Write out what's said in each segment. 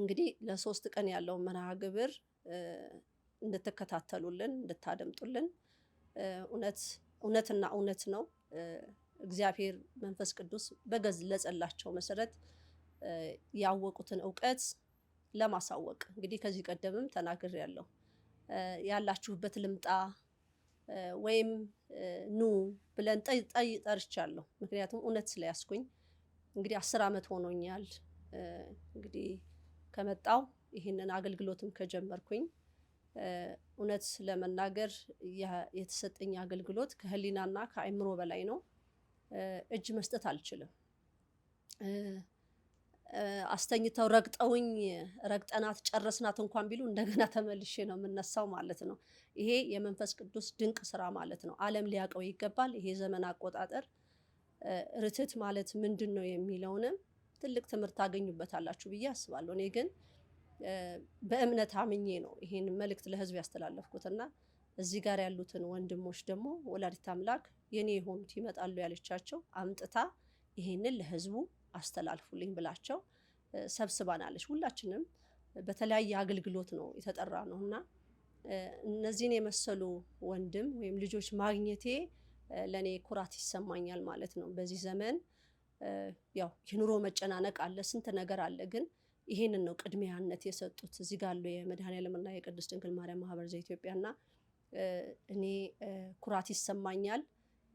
እንግዲህ ለሶስት ቀን ያለውን መርሃ ግብር እንድትከታተሉልን እንድታደምጡልን እውነት እውነትና እውነት ነው። እግዚአብሔር መንፈስ ቅዱስ በገለጸላቸው መሰረት ያወቁትን እውቀት ለማሳወቅ እንግዲህ ከዚህ ቀደምም ተናግር ያለው ያላችሁበት ልምጣ ወይም ኑ ብለን ጠይ ጠርቻለሁ። ምክንያቱም እውነት ስለያስኩኝ እንግዲህ አስር ዓመት ሆኖኛል እንግዲህ ከመጣው ይህንን አገልግሎትም ከጀመርኩኝ እውነት ለመናገር የተሰጠኝ አገልግሎት ከህሊናና ከአይምሮ በላይ ነው። እጅ መስጠት አልችልም። አስተኝተው ረግጠውኝ ረግጠናት ጨረስናት እንኳን ቢሉ እንደገና ተመልሼ ነው የምነሳው ማለት ነው። ይሄ የመንፈስ ቅዱስ ድንቅ ስራ ማለት ነው። ዓለም ሊያውቀው ይገባል። ይሄ ዘመን አቆጣጠር ርትት ማለት ምንድን ነው የሚለውንም ትልቅ ትምህርት ታገኙበታላችሁ ብዬ አስባለሁ። እኔ ግን በእምነት አምኜ ነው ይሄን መልእክት ለህዝብ ያስተላለፍኩትና እዚህ ጋር ያሉትን ወንድሞች ደግሞ ወላዲት አምላክ የኔ የሆኑት ይመጣሉ ያለቻቸው አምጥታ ይሄንን ለህዝቡ አስተላልፉልኝ ብላቸው ሰብስባናለች። ሁላችንም በተለያየ አገልግሎት ነው የተጠራ ነው እና እነዚህን የመሰሉ ወንድም ወይም ልጆች ማግኘቴ ለእኔ ኩራት ይሰማኛል ማለት ነው በዚህ ዘመን ያው የኑሮ መጨናነቅ አለ፣ ስንት ነገር አለ። ግን ይሄንን ነው ቅድሚያነት የሰጡት እዚህ ጋር ያሉ የመድኃኔዓለምና የቅድስት ድንግል ማርያም ማህበር ዘኢትዮጵያና እኔ ኩራት ይሰማኛል።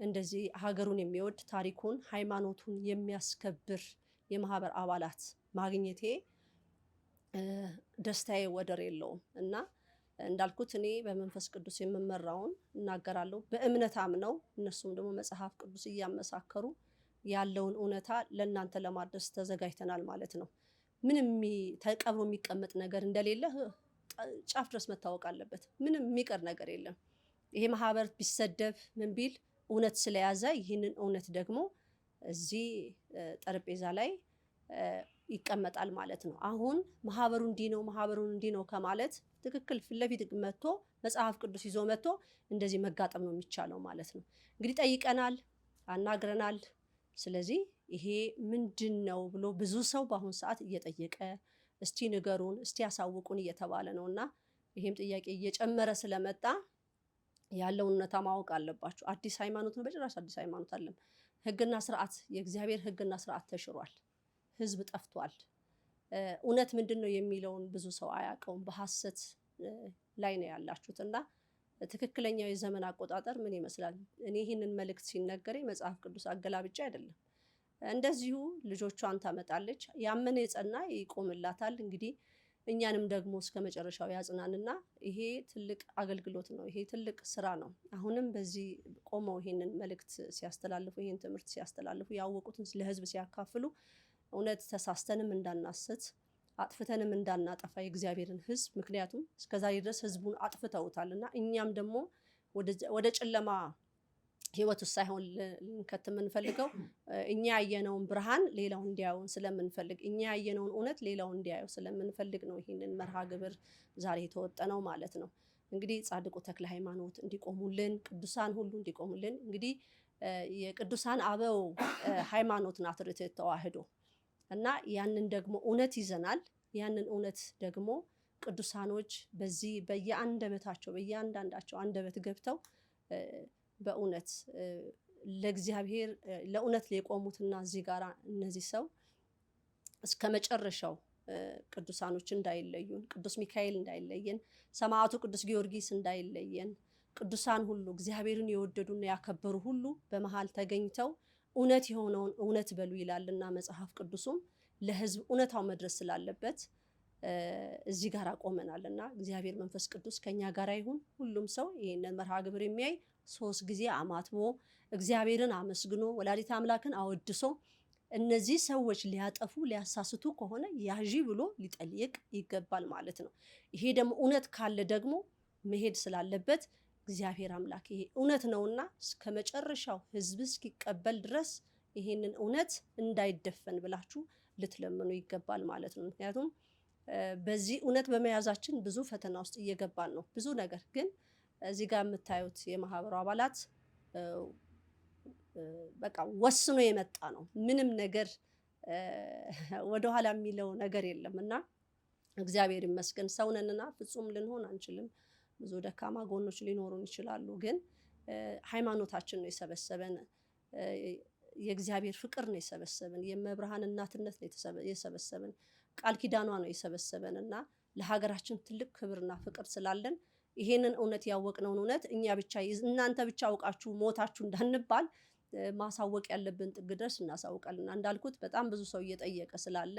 እንደዚህ ሀገሩን የሚወድ ታሪኩን፣ ሃይማኖቱን የሚያስከብር የማህበር አባላት ማግኘቴ ደስታዬ ወደር የለውም እና እንዳልኩት እኔ በመንፈስ ቅዱስ የምመራውን እናገራለሁ። በእምነት አምነው እነሱም ደግሞ መጽሐፍ ቅዱስ እያመሳከሩ ያለውን እውነታ ለእናንተ ለማድረስ ተዘጋጅተናል ማለት ነው። ምንም ተቀብሮ የሚቀመጥ ነገር እንደሌለ ጫፍ ድረስ መታወቅ አለበት። ምንም የሚቀር ነገር የለም። ይሄ ማህበር ቢሰደብ ምን ቢል እውነት ስለያዘ ይህንን እውነት ደግሞ እዚህ ጠረጴዛ ላይ ይቀመጣል ማለት ነው። አሁን ማህበሩ እንዲህ ነው፣ ማህበሩ እንዲህ ነው ከማለት ትክክል ፊት ለፊት መጥቶ መጽሐፍ ቅዱስ ይዞ መጥቶ እንደዚህ መጋጠም ነው የሚቻለው ማለት ነው። እንግዲህ ጠይቀናል፣ አናግረናል። ስለዚህ ይሄ ምንድን ነው ብሎ ብዙ ሰው በአሁኑ ሰዓት እየጠየቀ እስቲ ንገሩን፣ እስቲ ያሳውቁን እየተባለ ነው እና ይሄም ጥያቄ እየጨመረ ስለመጣ ያለውን እውነታ ማወቅ አለባቸው። አዲስ ሃይማኖት ነው፣ በጭራሽ አዲስ ሃይማኖት አለም። ህግና ስርዓት፣ የእግዚአብሔር ህግና ስርዓት ተሽሯል። ህዝብ ጠፍቷል። እውነት ምንድን ነው የሚለውን ብዙ ሰው አያውቀውም። በሀሰት ላይ ነው ያላችሁት እና ትክክለኛው የዘመን አቆጣጠር ምን ይመስላል? እኔ ይህንን መልእክት ሲነገር መጽሐፍ ቅዱስ አገላብጬ አይደለም። እንደዚሁ ልጆቿን ታመጣለች። ያመነ የጸና ይቆምላታል። እንግዲህ እኛንም ደግሞ እስከ መጨረሻው ያጽናንና ይሄ ትልቅ አገልግሎት ነው። ይሄ ትልቅ ስራ ነው። አሁንም በዚህ ቆመው ይሄንን መልእክት ሲያስተላልፉ፣ ይሄን ትምህርት ሲያስተላልፉ፣ ያወቁትን ለህዝብ ሲያካፍሉ እውነት ተሳስተንም እንዳናስት አጥፍተንም እንዳናጠፋ የእግዚአብሔርን ህዝብ ምክንያቱም እስከዛሬ ድረስ ህዝቡን አጥፍተውታል እና እኛም ደግሞ ወደ ጨለማ ህይወት ውስጥ ሳይሆን ልንከት የምንፈልገው እኛ ያየነውን ብርሃን ሌላው እንዲያየውን ስለምንፈልግ እኛ ያየነውን እውነት ሌላው እንዲያየው ስለምንፈልግ ነው ይህንን መርሃ ግብር ዛሬ የተወጠነው ማለት ነው። እንግዲህ ጻድቁ ተክለ ሃይማኖት እንዲቆሙልን፣ ቅዱሳን ሁሉ እንዲቆሙልን እንግዲህ የቅዱሳን አበው ሃይማኖት ናት ርትዕት እና ያንን ደግሞ እውነት ይዘናል። ያንን እውነት ደግሞ ቅዱሳኖች በዚህ በየአንደበታቸው በየአንዳንዳቸው አንደበት ገብተው በእውነት ለእግዚአብሔር ለእውነት የቆሙትና እዚህ ጋር እነዚህ ሰው እስከ መጨረሻው ቅዱሳኖች እንዳይለዩን፣ ቅዱስ ሚካኤል እንዳይለየን፣ ሰማዕቱ ቅዱስ ጊዮርጊስ እንዳይለየን፣ ቅዱሳን ሁሉ እግዚአብሔርን የወደዱና ያከበሩ ሁሉ በመሃል ተገኝተው እውነት የሆነውን እውነት በሉ ይላልና መጽሐፍ ቅዱሱም ለህዝብ እውነታው መድረስ ስላለበት እዚህ ጋር ቆመናል እና እግዚአብሔር መንፈስ ቅዱስ ከኛ ጋር ይሁን። ሁሉም ሰው ይህንን መርሃ ግብር የሚያይ ሶስት ጊዜ አማትቦ እግዚአብሔርን አመስግኖ ወላዲት አምላክን አወድሶ እነዚህ ሰዎች ሊያጠፉ ሊያሳስቱ ከሆነ ያዢ ብሎ ሊጠይቅ ይገባል ማለት ነው። ይሄ ደግሞ እውነት ካለ ደግሞ መሄድ ስላለበት እግዚአብሔር አምላክ ይሄ እውነት ነውና እስከ መጨረሻው ህዝብ እስኪቀበል ድረስ ይሄንን እውነት እንዳይደፈን ብላችሁ ልትለምኑ ይገባል ማለት ነው። ምክንያቱም በዚህ እውነት በመያዛችን ብዙ ፈተና ውስጥ እየገባን ነው። ብዙ ነገር ግን እዚህ ጋር የምታዩት የማህበሩ አባላት በቃ ወስኖ የመጣ ነው። ምንም ነገር ወደኋላ የሚለው ነገር የለም እና እግዚአብሔር ይመስገን ሰውነንና ፍጹም ልንሆን አንችልም። ብዙ ደካማ ጎኖች ሊኖሩን ይችላሉ። ግን ሃይማኖታችን ነው የሰበሰበን። የእግዚአብሔር ፍቅር ነው የሰበሰበን። የመብርሃን እናትነት ነው የሰበሰበን። ቃል ኪዳኗ ነው የሰበሰበን እና ለሀገራችን ትልቅ ክብርና ፍቅር ስላለን ይሄንን እውነት ያወቅነውን እውነት እኛ ብቻ እናንተ ብቻ አውቃችሁ ሞታችሁ እንዳንባል ማሳወቅ ያለብን ጥግ ድረስ እናሳውቃልና እንዳልኩት በጣም ብዙ ሰው እየጠየቀ ስላለ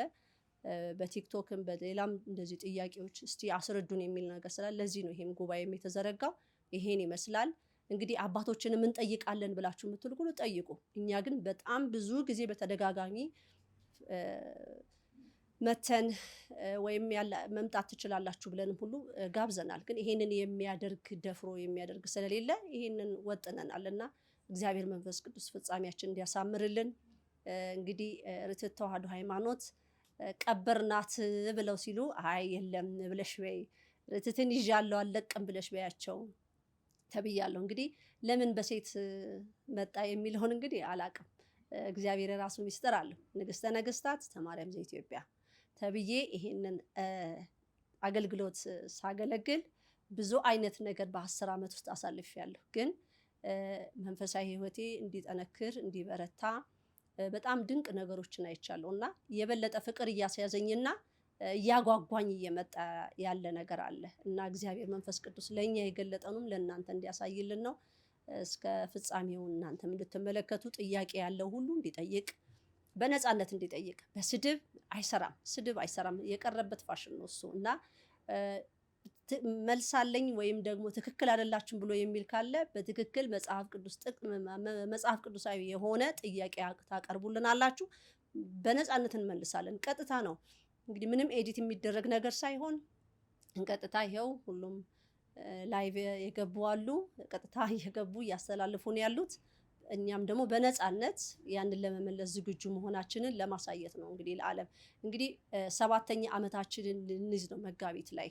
በቲክቶክም በሌላም እንደዚህ ጥያቄዎች እስቲ አስረዱን የሚል ነገር ስላለ ለዚህ ነው ይሄም ጉባኤም የተዘረጋው። ይሄን ይመስላል እንግዲህ አባቶችንም እንጠይቃለን ብላችሁ የምትል ጠይቁ። እኛ ግን በጣም ብዙ ጊዜ በተደጋጋሚ መተን ወይም መምጣት ትችላላችሁ ብለንም ሁሉ ጋብዘናል። ግን ይሄንን የሚያደርግ ደፍሮ የሚያደርግ ስለሌለ ይሄንን ወጥነናል እና እግዚአብሔር መንፈስ ቅዱስ ፍጻሜያችን እንዲያሳምርልን እንግዲህ ርትዕ ተዋሕዶ ሃይማኖት ቀበርናት ብለው ሲሉ አይ የለም ብለሽ በይ ትትን ይዣለሁ አለቅም ብለሽ በያቸው ተብያለሁ። እንግዲህ ለምን በሴት መጣ የሚለውን እንግዲህ አላቅም። እግዚአብሔር የራሱ ሚስጥር አለው። ንግስተ ነገስታት ተማርያም ዘኢትዮጵያ ተብዬ ይሄንን አገልግሎት ሳገለግል ብዙ አይነት ነገር በአስር ዓመት ውስጥ ያለሁ ግን መንፈሳዊ ህይወቴ እንዲጠነክር እንዲበረታ በጣም ድንቅ ነገሮችን አይቻለሁ እና የበለጠ ፍቅር እያስያዘኝና እያጓጓኝ እየመጣ ያለ ነገር አለ እና እግዚአብሔር መንፈስ ቅዱስ ለእኛ የገለጠኑም ለእናንተ እንዲያሳይልን ነው። እስከ ፍጻሜው እናንተም እንድትመለከቱ ጥያቄ ያለው ሁሉ እንዲጠይቅ በነፃነት እንዲጠይቅ። በስድብ አይሰራም፣ ስድብ አይሰራም። የቀረበት ፋሽን ነው እሱ እና መልሳለኝ ወይም ደግሞ ትክክል አይደላችሁም ብሎ የሚል ካለ በትክክል መጽሐፍ ቅዱስ መጽሐፍ ቅዱሳዊ የሆነ ጥያቄ ታቀርቡልናላችሁ። በነፃነት እንመልሳለን። ቀጥታ ነው እንግዲህ ምንም ኤዲት የሚደረግ ነገር ሳይሆን ቀጥታ ይኸው ሁሉም ላይቭ የገቡ አሉ። ቀጥታ እየገቡ እያስተላልፉ ነው ያሉት። እኛም ደግሞ በነፃነት ያንን ለመመለስ ዝግጁ መሆናችንን ለማሳየት ነው እንግዲህ ለዓለም እንግዲህ ሰባተኛ ዓመታችንን ልንይዝ ነው መጋቢት ላይ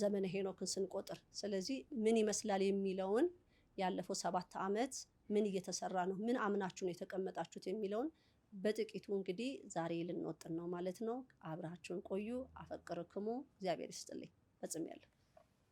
ዘመነ ሄኖክን ስንቆጥር። ስለዚህ ምን ይመስላል የሚለውን ያለፈው ሰባት ዓመት ምን እየተሰራ ነው፣ ምን አምናችሁ ነው የተቀመጣችሁት የሚለውን በጥቂቱ እንግዲህ ዛሬ ልንወጥን ነው ማለት ነው። አብራችሁን ቆዩ። አፈቅርክሙ እግዚአብሔር ይስጥልኝ። ፈጽሜያለሁ።